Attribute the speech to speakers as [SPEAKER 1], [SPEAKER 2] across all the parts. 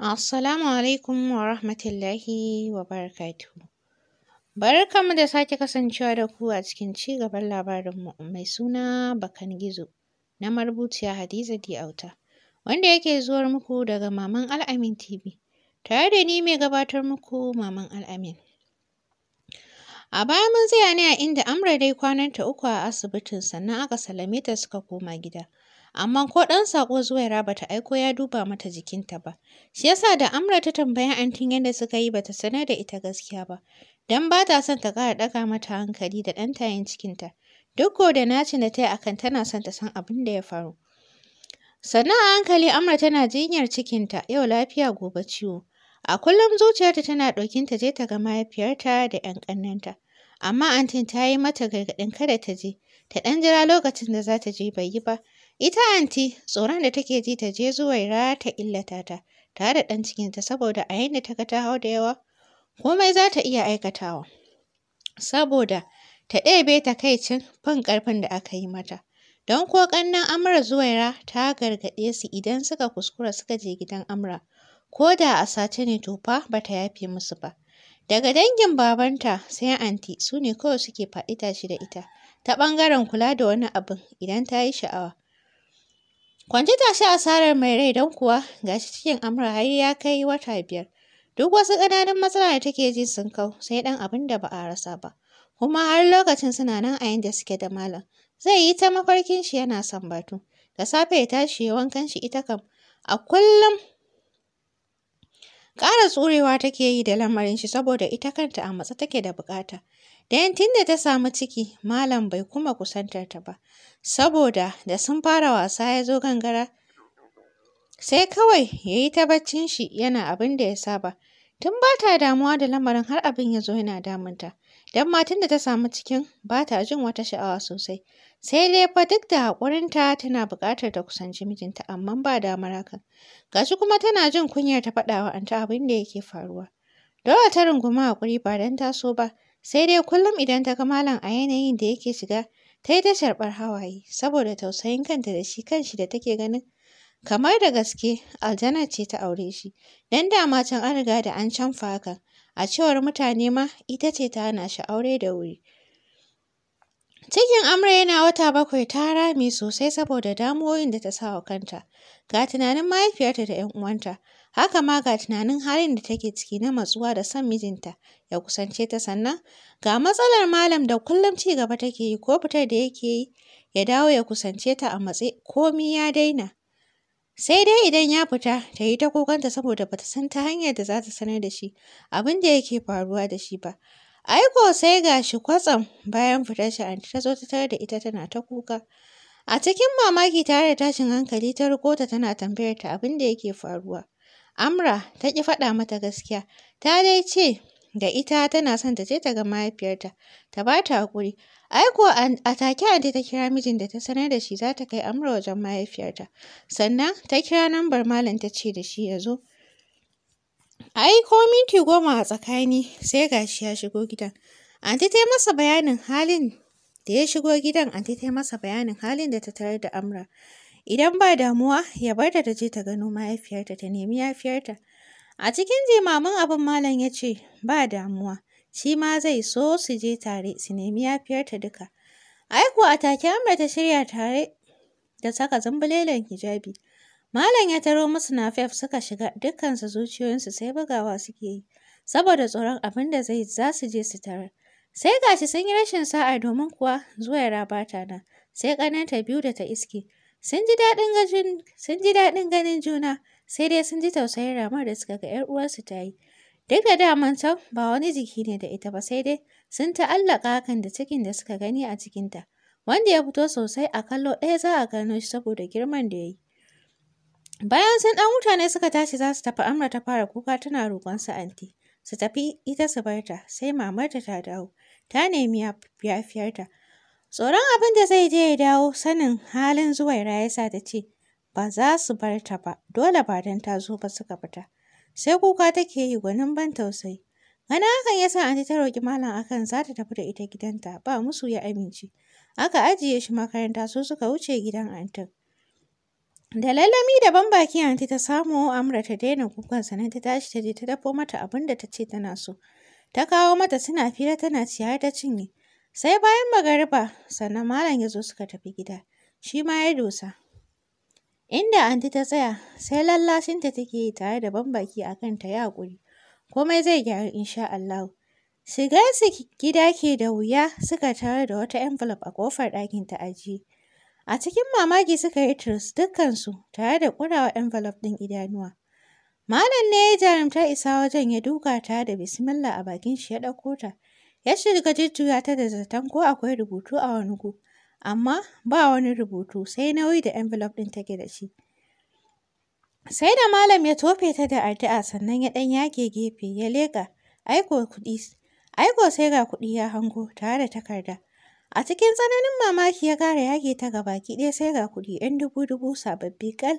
[SPEAKER 1] Assalamu alaikum wa rahmatullahi wa barakatuhu. Barkanmu da sake kasancewa da ku a cikin ci gaban labarinmu mai suna Bakan Gizo na marubuciya Hadiza Auta, wanda yake zuwar muku daga Maman Al'amin TV, tare da ni mai gabatar muku Maman Al'amin. A baya mun tsaya ne a inda Amra dai kwananta uku a asibitin sannan aka salame ta suka koma gida. amma ko ɗan saƙo zuwa Zuwaira bata aiko ya duba mata jikinta ba. Shi yasa da Amra ta tambaya antin yadda suka yi bata sanar da ita gaskiya ba, don ba ta son ta ƙara ɗaga mata hankali da ɗan tayin cikinta. Duk ko da naci da ta yi akan tana son ta san abin da ya faru. Sannan a hankali Amra tana jinyar cikinta yau lafiya gobe ciwo. A kullum zuciyarta tana ɗokin ta je ta ga mahaifiyarta da ‘yan ƙannenta. Amma antin ta yi mata gargaɗin kada ta je, ta ɗan jira lokacin da za ta je bai yi ba, Ita anti tsoron da take ji ta je zuwaira ta illata ta tare da ɗan cikinta saboda a yadda ta ga ta hau da yawa komai za ta iya aikatawa. Saboda ta ɗebe takaicin fin ƙarfin da aka yi mata. Don ko ƙannen Amra Zuwaira ta gargaɗe su idan suka kuskura suka je gidan Amra, ko da a sace ne to fa ba ta yafe musu ba. Daga dangin babanta sai anti su ne kawai suke faɗi tashi da ita, ta ɓangaren kula da wani abin idan ta yi sha'awa, Kwanci ta sha asarar mai rai don kuwa ga shi cikin amra har ya kai wata biyar. Duk wasu ƙananan matsala da take ji sun kau sai ɗan abin da ba a rasa ba. Kuma har lokacin suna nan a yanda suke da malam. Zai yi ta mafarkin shi yana son batu. Da safe ya tashi ya wankan shi ita kam a kullum Ƙara tsurewa take yi da lamarin shi saboda ita kanta a matsa take da buƙata. Dayan tun da ta samu ciki, Malam bai kuma kusantar ta ba, saboda da sun fara wasa ya zo gangara, sai kawai ya yi ta baccin shi yana abin da ya saba. Tun ba ta damuwa da lamarin har abin ya zo yana damunta. Don ma tun da ta samu cikin ba ta jin wata sha'awa sosai. Sai dai fa duk da haƙurinta tana buƙatar ta kusanci mijinta amma ba damar hakan. Gashi kuma tana jin kunyar ta faɗawa wa anta abin da yake faruwa. Dole ta runguma haƙuri ba don ta so ba, Sai dai kullum idan ta ga malam a yanayin da yake shiga, ta yi ta sharɓar hawaye saboda tausayin kanta da shi kanshi da take ganin kamar da gaske aljana ce ta aure shi. Don dama can an riga da an canfa kan, a cewar mutane ma ita ce ta hana shi aure da wuri. Cikin amre yana wata bakwai ta rame sosai saboda damuwoyin da ta sa wa kanta. Ga tunanin mahaifiyarta da ‘yan uwanta, Haka ma ga tunanin halin da take ciki na matsuwa da son mijinta ya kusance ta sannan ga matsalar malam da kullum ci gaba take yi ko fitar da yake yi ya dawo ya kusance ta a matse komi ya daina. Sai dai idan ya fita ta yi ta kokanta saboda bata san ta hanyar da za ta sanar da shi abin da yake faruwa da shi ba. Aiko sai ga shi kwatsam bayan fitar shi anti ta zo ta tare da ita tana ta kuka. A cikin mamaki tare da tashin hankali ta riko ta tana tambayar ta abin da yake faruwa. Amra ta ƙi faɗa mata gaskiya, ta dai ce da ita tana son ta je ta ga mahaifiyarta, ta ba ta haƙuri. Ai kuwa a take an ta kira mijin da ta sanar da shi za ta kai Amra wajen mahaifiyarta. Sannan ta kira nambar malam ta ce da shi ya zo. Ai ko minti goma a tsakani sai gashi ya shigo gidan. Anti ta yi masa bayanin halin da ya shigo gidan, anti ta yi masa bayanin halin da ta tarar da Amra. Idan ba damuwa, ya bar ta ta je ta gano mahaifiyarta ta nemi yafiyarta. A cikin jimamin abin malam ya ce, ba damuwa, shi ma zai so su je tare su nemi yafiyarta duka. Aiko a take Amra ta shirya tare da saka zambulelen hijabi. Malam ya taro musu na fef suka shiga dukkansu zuciyoyinsu sai bugawa suke yi, saboda tsoron abin da zai za su je su tarar. Sai gashi sun yi rashin sa'a domin kuwa zuwa ya rabata na. sai ƙananta biyu da ta iske. Sun ji daɗin sun ji daɗin ganin juna, sai dai sun ji tausayin ramar da suka ga 'yar uwarsu ta yi. Duk da daman can ba wani jiki ne da ita ba sai dai sun ta'allaka hakan da cikin da suka gani a cikinta. Wanda ya fito sosai a kallo ɗaya za a gano shi saboda girman da ya yi. Bayan sun ɗan mutane suka tashi za su tafi Amra ta fara kuka tana roƙon su anti. Su tafi ita su barta sai mamarta ta dawo. Ta nemi yafiyarta. Tsoron abin da zai je ya dawo sanin halin Zuwaira ya sa ta ce, ba za su bar ta ba, dole ba don ta zo ba suka fita. Sai kuka take yi gwanin ban tausayi. Gana hakan ya sa ta roƙi malam akan za ta tafi da ita gidanta, ba musu ya amince. Aka ajiye shi makaranta su suka wuce gidan antin. Da lallami da ban baki anti ta samu Amra ta daina kukan sannan ta tashi ta je ta dafo mata abin da ta ce tana so. Ta kawo mata suna fira tana ciyar ta cinye. Sai bayan magariba sannan malam ya zo suka tafi gida, shi ma ya dosa. Inda anti ta tsaya sai ta take yi tare da banbaki a kan ta ya haƙuri, komai zai gyaru insha Allahu. Shigar su gida ke da wuya suka tare da wata envelope a kofar ɗakin ta ajiye. A cikin mamaki suka yi tirs dukkansu tare da kurawa envelope ɗin idanuwa. Malam ne ya jarumta isa wajen ya duka ta da bismillah a bakin shi ya ɗauko ta. Ya shiga jijjiya ta da zaton ko akwai rubutu a wani gu, amma ba wani rubutu sai nauyi da envelope ɗin take da shi. Sai da malam ya tofe ta da addu'a sannan ya ɗan yage gefe ya leƙa, aiko kuɗi, aiko sai ga kuɗi ya hango tare da takarda. A cikin tsananin mamaki ya ƙara yage ta ga baki ɗaya sai ga kuɗi ‘yan dubu-dubu sababbi ƙal.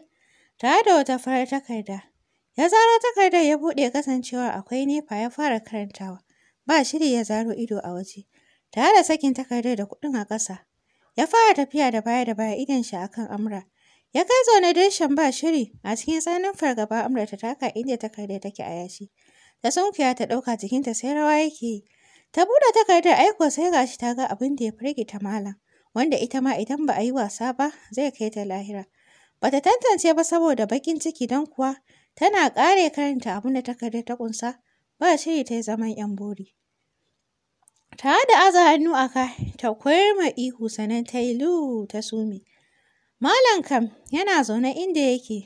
[SPEAKER 1] tare da wata farar takarda. Ya zaro takardar ya buɗe kasancewar akwai nefa ya fara karantawa. ba shiri ya zaro ido a waje, tare da sakin takardar da kuɗin a ƙasa. Ya fara tafiya da baya da baya idon shi akan Amra. Ya kai zaune dirshan ba shiri a cikin tsananin fargaba Amra ta taka inda takardar take a yashi. Ta sunkuya ta ɗauka jikinta sai rawa yake yi. Ta buɗe takardar aiko sai gashi ta ga abin da ya ta malam, wanda ita ma idan ba a yi wasa ba zai kai ta lahira. Ba ta tantance ba saboda bakin ciki don kuwa tana ƙare karanta abin da takardar ta ƙunsa ba shiri ta yi zaman 'yan bori. Ta da aza hannu a ka, ta kurma ihu sannan ta yi lu ta sumi. Malam kam yana zaune inda yake.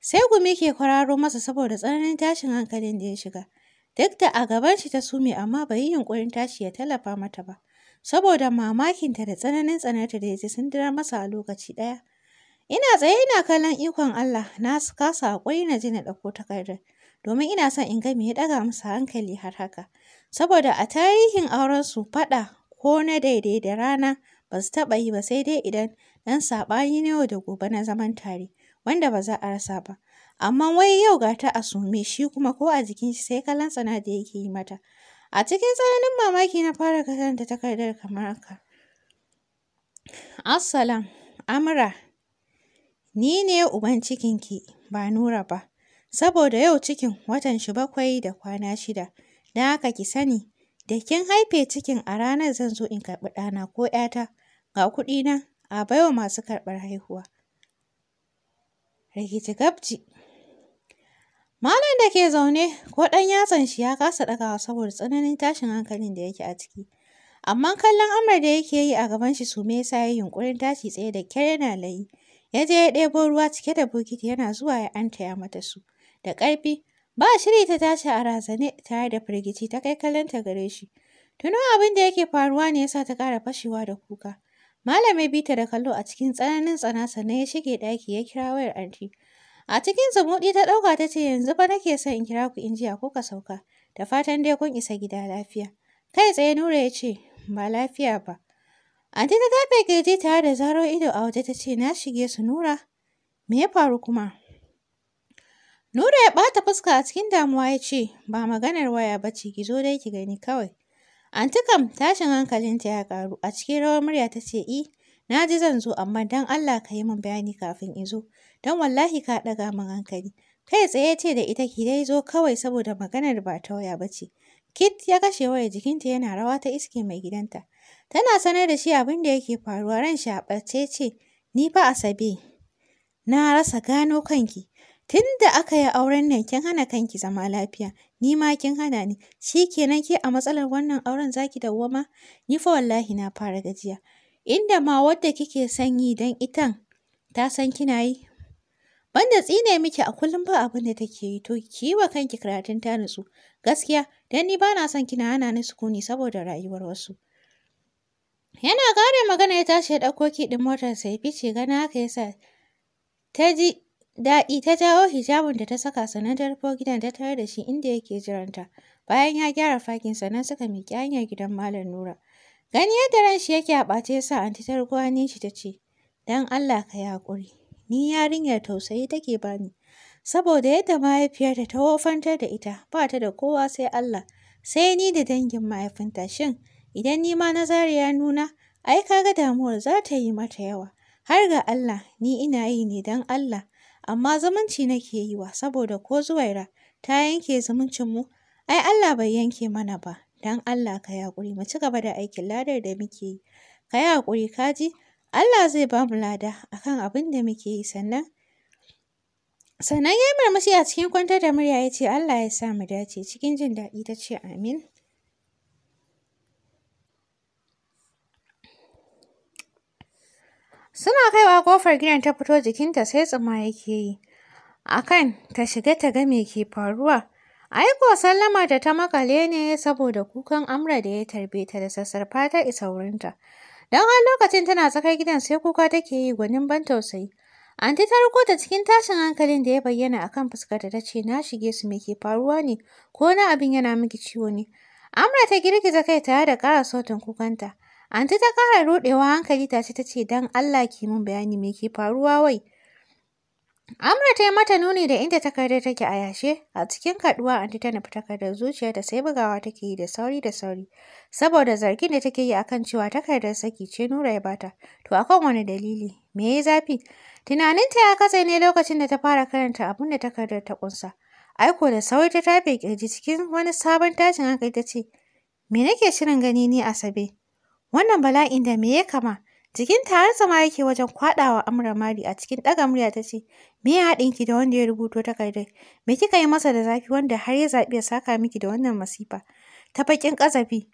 [SPEAKER 1] Sai gumi ke kwararo masa saboda tsananin tashin hankalin da ya shiga. Duk da a gaban shi ta sumi amma bai yi yunƙurin tashi ya tallafa mata ba. Saboda mamakinta da tsananin tsanarta da ya ji sun dira masa a lokaci ɗaya. Ina tsaye ina kallon ikon Allah na kasa haƙuri na ji na ɗauko takardar. domin ina son in ga me ya ɗaga musu hankali har haka. Saboda a tarihin auren su faɗa ko na daidai da rana ba su taɓa yi ba sai dai idan ɗan saɓani na da gobe na zaman tare wanda ba za a rasa ba. Amma wai yau ga ta a sume shi kuma ko a jikin shi sai kallon tsana da yake yi mata. A cikin tsananin mamaki na fara karanta takardar kamar haka. Assalam, Amra, ni ne uban cikinki ba Nura ba. saboda yau cikin watan shi bakwai da kwana shida. Don haka ki sani, da kin haife cikin a ranar zan zo in karɓi ɗana ko ‘yata, ga kuɗi na, a baiwa masu karɓar haihuwa. Rikici gabji. Malam da ke zaune ko ɗan yatsan shi ya kasa ɗagawa saboda tsananin tashin hankalin da yake a ciki. Amma kallon Amar da yake yi a gaban shi su me yasa ya yunƙurin tashi tsaye da kyar yana layi. Ya je ya ɗebo ruwa cike da bokiti yana zuwa ya antaya mata su. da ƙarfi. Ba shiri ta tashi a razane tare da firgici ta kai ta gare shi. Tuno abin da yake faruwa ne yasa ta ƙara fashewa da kuka. Malamai bi ta da kallo a cikin tsananin tsana sannan ya shige ɗaki ya kira wayar anti. A cikin zumuɗi ta ɗauka ta ce yanzu fa nake son in kira ku in jiya ko ka sauka. Da fatan dai kun isa gida lafiya. Kai tsaye Nura ya ce ba lafiya ba. Anti ta tafe kirji tare da zaro ido a waje ta ce na shige su Nura. Me ya faru kuma? Nura ya ɓata fuska a cikin damuwa ya ce, ba maganar waya ba ce, ki zo dai ki gani kawai. Anti kam tashin hankalinta ya ƙaru, a cikin rawar murya ta ce, i, eh, na ji zan zo amma don Allah ka yi min bayani kafin in zo, don wallahi ka ɗaga min hankali. Kai tsaye ce da ita ki dai zo kawai saboda maganar ba ta waya ba ce. Kit ya kashe waya jikinta yana rawa ta iske mai gidanta. Tana sanar da shi abin da yake faruwa ran shi a ɓace ce, ni fa Asabe, na rasa gano kanki. Tun da aka yi auren nan kin hana kanki zama lafiya, ni ma kin hana ni. Shi kenan ke a matsalar wannan auren zaki ma? Ni fa wallahi na fara gajiya. Inda ma wadda kike son yi don itan ta san kina yi. Banda tsine miki a kullum ba abin da take yi to ki yi wa kanki karatun ta nutsu. Gaskiya dan ni bana son kina hana ni sukuni saboda rayuwar wasu. Yana kare magana ya tashi ya ɗauko ɗin motar sai fice gana haka yasa ta ji daɗi ta jawo hijabin da ta saka sannan ta rufo gidan ta tare da shi inda yake jiranta. Bayan ya gyara fakin sannan suka miƙi hanyar gidan Malam Nura. Gani yadda ran shi yake a ɓace ya sa anti ta hannun shi ta ce, dan Allah ka yi haƙuri, ni yarinyar tausayi take bani. Saboda yadda mahaifiyarta ta wofantar da ita, ba ta da kowa sai Allah, sai ni da dangin mahaifinta shin, idan ni ma na zariya nuna, ai kaga damuwar za ta yi mata yawa. Har ga Allah, ni ina yi ne dan Allah, amma zumunci nake yi wa saboda ko Zuwaira ta yanke zumuncinmu, ai Allah bai yanke mana ba, don Allah ka yaƙuri mu ci gaba da aikin ladar da muke yi, ka yi haƙuri ka ji, Allah zai ba mu lada a kan abin da muke yi sannan. Sannan ya yi murmushi a cikin kwantar da murya ya ce Allah ya sa mu dace cikin jin daɗi ta ce amin. Suna kaiwa kofar gidan ta fito jikinta sai tsuma yake yi. Akan ta shiga ta ga me ke faruwa. Aiko sallamar da ta makale ne saboda kukan amra da ya tarbe ta da sassarfa ta isa wurinta. Don har lokacin tana tsakar gidan sai kuka take yi gwanin ban tausayi. Anti ta riko ta cikin tashin hankalin da ya bayyana akan kan fuskarta ta ce na shige su me ke faruwa ne ko na abin yana miki ciwo ne. Amra ta girgiza kai tare da kara sautin kukanta. Anti ta ƙara ruɗewa hankali tashi ta ce don Allah ki mun bayani me ke faruwa wai. Amra ta yi mata nuni da inda takardar take a yashe, a cikin kaɗuwa, anti ta nufi takardar zuciyarta sai bugawa take yi da sauri da sauri, saboda zargin da take yi akan cewa takardar saki ce Nura ya bata. To akan wani dalili? Me ya zafi? Tunaninta ya katse ne lokacin da ta fara karanta abin da takardar ta kunsa. Aiko da sauri ta tafe kirji cikin wani sabon tashin hankali ta ce, Me nake shirin gani ni Asabe? Wannan bala'in da me ya kama? Jikin har zama yake wajen kwaɗawa Amra mari a cikin ɗaga murya ta ce, Me ya haɗin ki da wanda ya rubuto takardar? Me kika yi masa da zafi wanda har ya zaɓi ya saka miki da wannan masifa? Ta baƙin ƙazafi.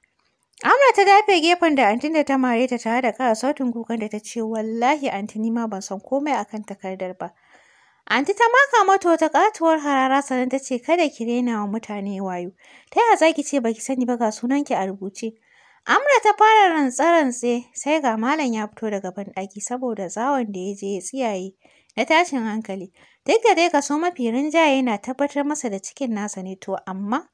[SPEAKER 1] Amra ta dafe gefen da antin da ta mare ta tare da ƙara sautin kukan da ta ce, Wallahi anti ni ma ban san komai a kan takardar ba. Anti ta maka mata wata ƙatuwar harara sannan ta ce, Kada ki rena wa mutane wayo. Ta ya za ki ce ba ki sani ba ga sunan ki a rubuce? Amra ta fara rantsarantse sai ga malam ya fito daga banɗaki saboda zawon da ya je ya tsiyaye na tashin hankali. Duk da dai kaso mafi rinjaye yana tabbatar masa da cikin nasa ne to amma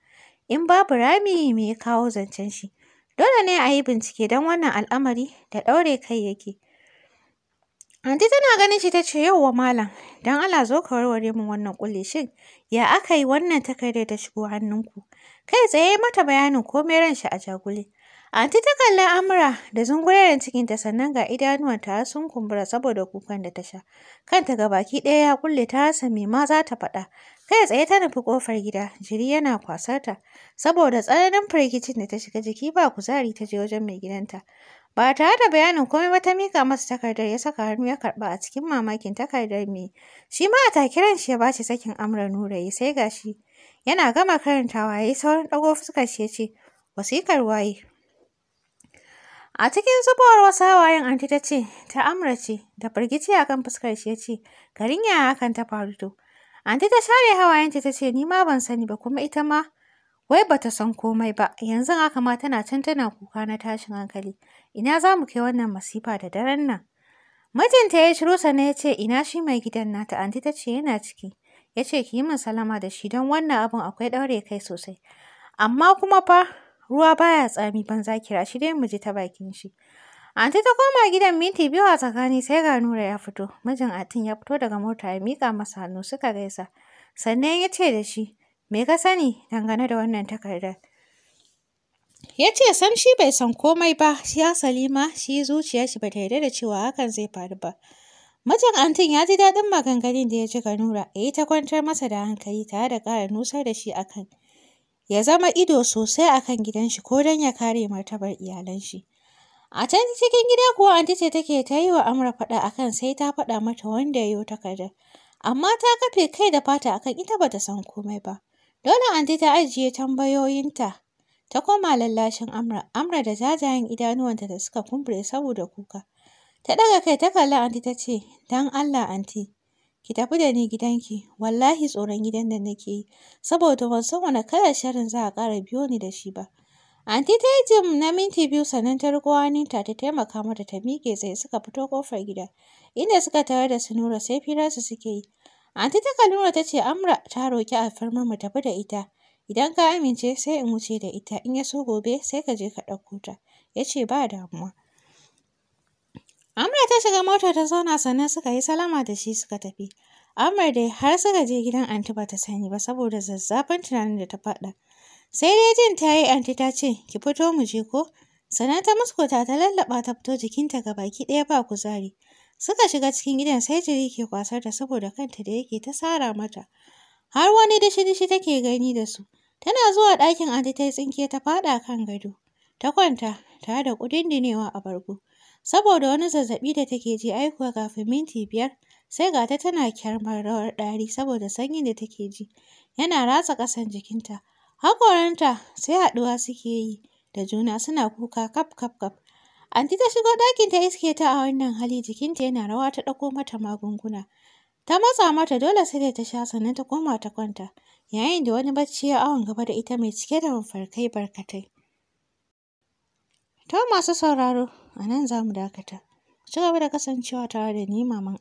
[SPEAKER 1] in babu rami me ya kawo zancen shi. Dole ne a yi bincike don wannan al'amari da ɗaure kai yake. Anti tana ganin shi ta ce yauwa malam don Allah zo ka warware min wannan ƙulli shin ya aka yi wannan takardar ta shigo hannunku. Kai tsaye mata bayanin komai ran shi a jagule. Anti ta kalli Amra da zunguraren cikinta sannan ga idanuwanta sun kumbura saboda kukan da ta sha. Kanta ga baki ɗaya ya kulle ta rasa me ma za ta faɗa. Kai tsaye ta nufi ƙofar gida, jiri yana kwasar ta. Saboda tsananin firgicin da ta shiga jiki ba kuzari ta je wajen mai gidanta. Ba tare da bayanin komai ba ta mika masa takardar ya saka hannu ya karɓa a cikin mamakin takardar me. Shi ma a takiran shi ya bace sakin Amra yi sai gashi. Yana gama karantawa ya sauran saurin ɗago fuskar shi ya ce, wasikar waye? A cikin zubowar wasu hawayen anti ta ce, ta amrace da firgici a kan fuskar shi ya ce, garin ya hakan ta faru to. Anti ta share hawayenta ta ce, ni ma ban sani ba kuma ita ma wai ba ta san komai ba, yanzu haka ma tana can tana kuka na tashin hankali. Ina za mu kai wannan masifa da daren nan? Mijinta ya shiru sana ya ce, ina shi mai gidan nata, anti ta ce yana ciki. Ya ce, ki yi min salama da shi don wannan abin akwai ɗaure kai sosai. Amma kuma fa ruwa baya tsami banza kira shi dai mu ji ta bakin shi. Anti ta koma gidan minti biyu a tsakani sai ga Nura ya fito. Mijin Atin ya fito daga mota ya mika masa hannu suka gaisa. Sannan ya ce da shi, me ka sani dangane da wannan takardar? Ya ce sam shi bai san komai ba, shi ya salima shi zuciya shi ba yarda da cewa hakan zai faru ba. Mijin Antin ya ji daɗin maganganun da ya ji ga Nura, ya yi ta kwantar masa da hankali tare da ƙara nusar da shi akan. ya zama ido sosai a kan gidanshi ko don ya kare martabar iyalanshi. A can cikin gida kuwa anti ce take ta yi wa Amra faɗa a kan sai ta faɗa mata wanda ya yi wata kada. Amma ta kafe kai da fata akan ita ba ta san komai ba. Dole an ta ajiye tambayoyinta ta koma lallashin Amra, Amra da jajayen idanuwanta da suka kumbure saboda kuka. Ta ɗaga kai ta kalli an ta ce, don Allah anti, ki tafi da ni gidanki wallahi tsoron gidan da nake yi saboda ban san wani kalar sharin za a ƙara biyo ni da shi ba anti ta yi jim na minti biyu sannan ta riƙo ta taimaka mata ta miƙe tsaye suka fito kofar gida inda suka tare da su nura sai firarsu suke yi anti ta kalura ta ce amra ta roƙi alfarmar mu tafi da ita idan ka amince sai in wuce da ita in ya so gobe sai ka je ka ɗauko ta ya ce ba damuwa Amra ta shiga mota ta zauna sannan suka yi salama da shi suka tafi. Amar dai har suka je gidan anti ba ta sani ba saboda zazzafin tunanin da ta faɗa. Sai dai jin ta yi anti ta ce, ki fito mu je ko? Sannan ta muskuta ta lallaɓa ta fito jikinta ga baki ɗaya ba kuzari. Suka shiga cikin gidan sai jiri ke kwasar ta saboda kanta da yake ta sara mata. Har wani dishi-dishi take gani da su. Tana zuwa ɗakin anti ta yi tsinke ta faɗa kan gado. Ta kwanta tare da ƙudin dinewa a bargo. Saboda wani zazzaɓi da take ji aikuwa kafin minti biyar sai ga ta tana kyarmar rawar ɗari saboda sanyin da take ji yana ratsa ƙasan jikinta. Haƙoranta sai haɗuwa suke yi da juna suna kuka kaf kaf kaf. Anti ta shigo ɗakin ta iske ta a wannan hali jikinta yana rawa ta ɗauko mata magunguna. Ta matsa mata dole sai da ta sha sannan ta koma ta kwanta yayin da wani bacci ya awon gaba da ita mai cike da mafarkai barkatai. To masu sauraro A nan za mu dakata. Ku ci gaba da kasancewa tare da ni Maman